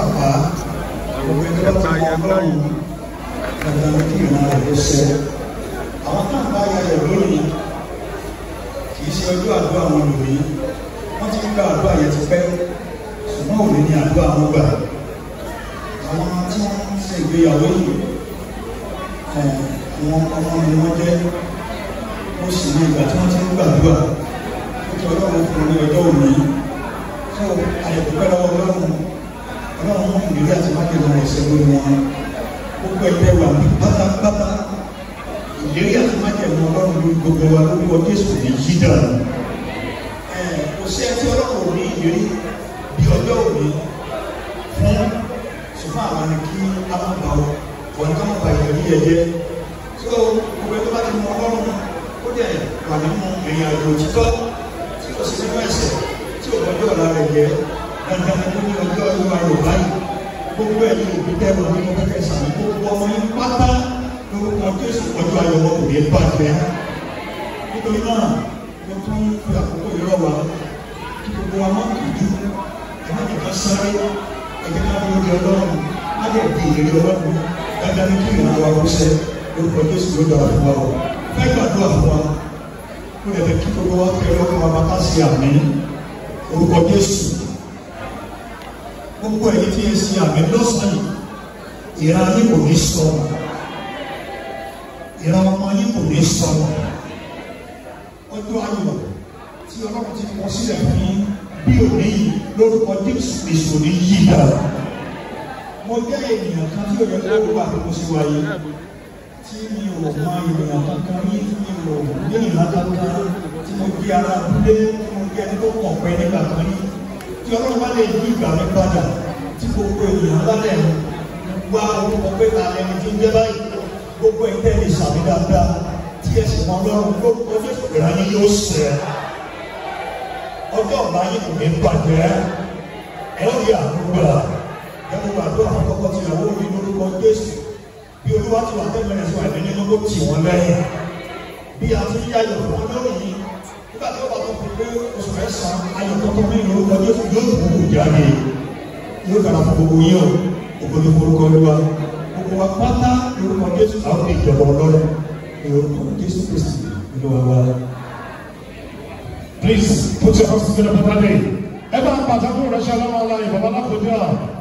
Apa? òwe kẹta ya báyìí dandan kí ìran rẹ̀ sẹ́ àwọn tá à ń bá ya rẹ̀ lónìí kì í ṣe ọjọ́ àdúrà wọn lòní wọ́n ti gba àdúrà yẹn ti pẹ́ ni àdúrà wọn gbà àwọn tí wọ́n ń ṣe ìgbéyàwó yìí àwọn ọmọ ni wọ́n jẹ́ ó ìgbà tí wọ́n ti ń gbàdúrà ó ọlọ́run fún un ọjọ́ òní fún àyẹ̀kú pẹ́lú ìrírí àti mákèlè wọn ṣe lórí wọn gbogbo ẹgbẹ́ wa ní pátápátá ìrírí àti mákèlè wọn lọ́rùn lórí gbogbo wa lórí wọn Jésù ní yí dànù ẹ kò sí ẹtí ọlọ́run ní ìrírí bí ọjọ́ òní fún ṣùgbọ́n àwọn ni kí a máa bá wọn ká máa bá ìrírí yẹn jẹ so gbogbo ẹgbẹ́ bá ti mọ ọlọ́run ó dẹ̀ wà nínú ìrìn àjò òtítọ́ tí kò sí nínú ẹ̀ṣẹ̀ tí ò gbọ́dọ̀ ọ̀la rẹ̀ yẹ dandan ní gbogbo ẹ̀yin òbí tẹ́ mọ̀ ní ọkọ̀ kẹsà gbogbo ọmọ yín pátá lórúkọ Jésù pẹ̀lú ayọ̀wọ̀ kò ní bàjẹ́ nítorí náà mo tún fi àkókò yìí rọ̀ wá kí gbogbo wa má kì í dú ẹ̀mọ́ nìkan sáré ẹ̀jẹ̀ ká ló di ọlọ́run á lè di ìrírí ọlọ́run dáadáa ní kí ìrìnàwó arúṣẹ lórúkọ Jésù ló dára fún wa o fẹ́ gbàdúrà fún wa mo lè fẹ́ kí gbogbo wa kẹ́ lọ́kùnrin gbogbo ẹ̀yin tí ẹ ṣe àmì lọ́sàn-án yìí ìran yín kò ní sọnù ìran ọmọ yín kò ní sọnù ọjọ́ ayọ̀ tí ọlọ́run ti kọ sílẹ̀ fún yín bí òní yìí lórúkọ Jésù Kristu ní yí dára mo jẹ́ ènìyàn kan tí òye kó wà lóko sí wáyé tí mi ò mọ ènìyàn kankan yín mi ò gbé ìlànà kankan tí mo gbé ara abúlé tí mo gbé ẹni tó pọ̀ pẹ́ nígbà kan yín kí ọlọ́run wá lè yí ìgbà mi padà tí gbogbo ènìyàn bá lẹ̀ wá orúkọ pé ta ẹni tí ń jẹ́ báyìí gbogbo ẹ̀tẹ́ lè sàmì dáadáa tí ẹ sì mọ ọlọ́run lórúkọ jésù ìráyé yóò sẹ́ ọjọ́ ọ̀la yìí kò ní bàjẹ́ ẹ ó rí àdúgbà ẹ mú àdúrà àkọ́kọ́ ti ìyàwó mi lórúkọ jésù bí olúwa ti wà tẹ́lẹ̀ ẹ̀sùn àìlẹ́yìn ló tì wọ́n lẹ́yìn bí a ti ń yáyọ̀ pé oṣù mẹ́sàn-án ayọ̀ tọ́tọ́ mi lórúkọ yóò fi gbogbo jáde yóò fara fún gbogbo yín o gbogbo ní forúkọ olúwa gbogbo wa pátá Please put your hands together properly. ẹ bá ń pàtàkùn rẹ̀ ṣe aláwọ̀ aláyè bàbá lápòjá.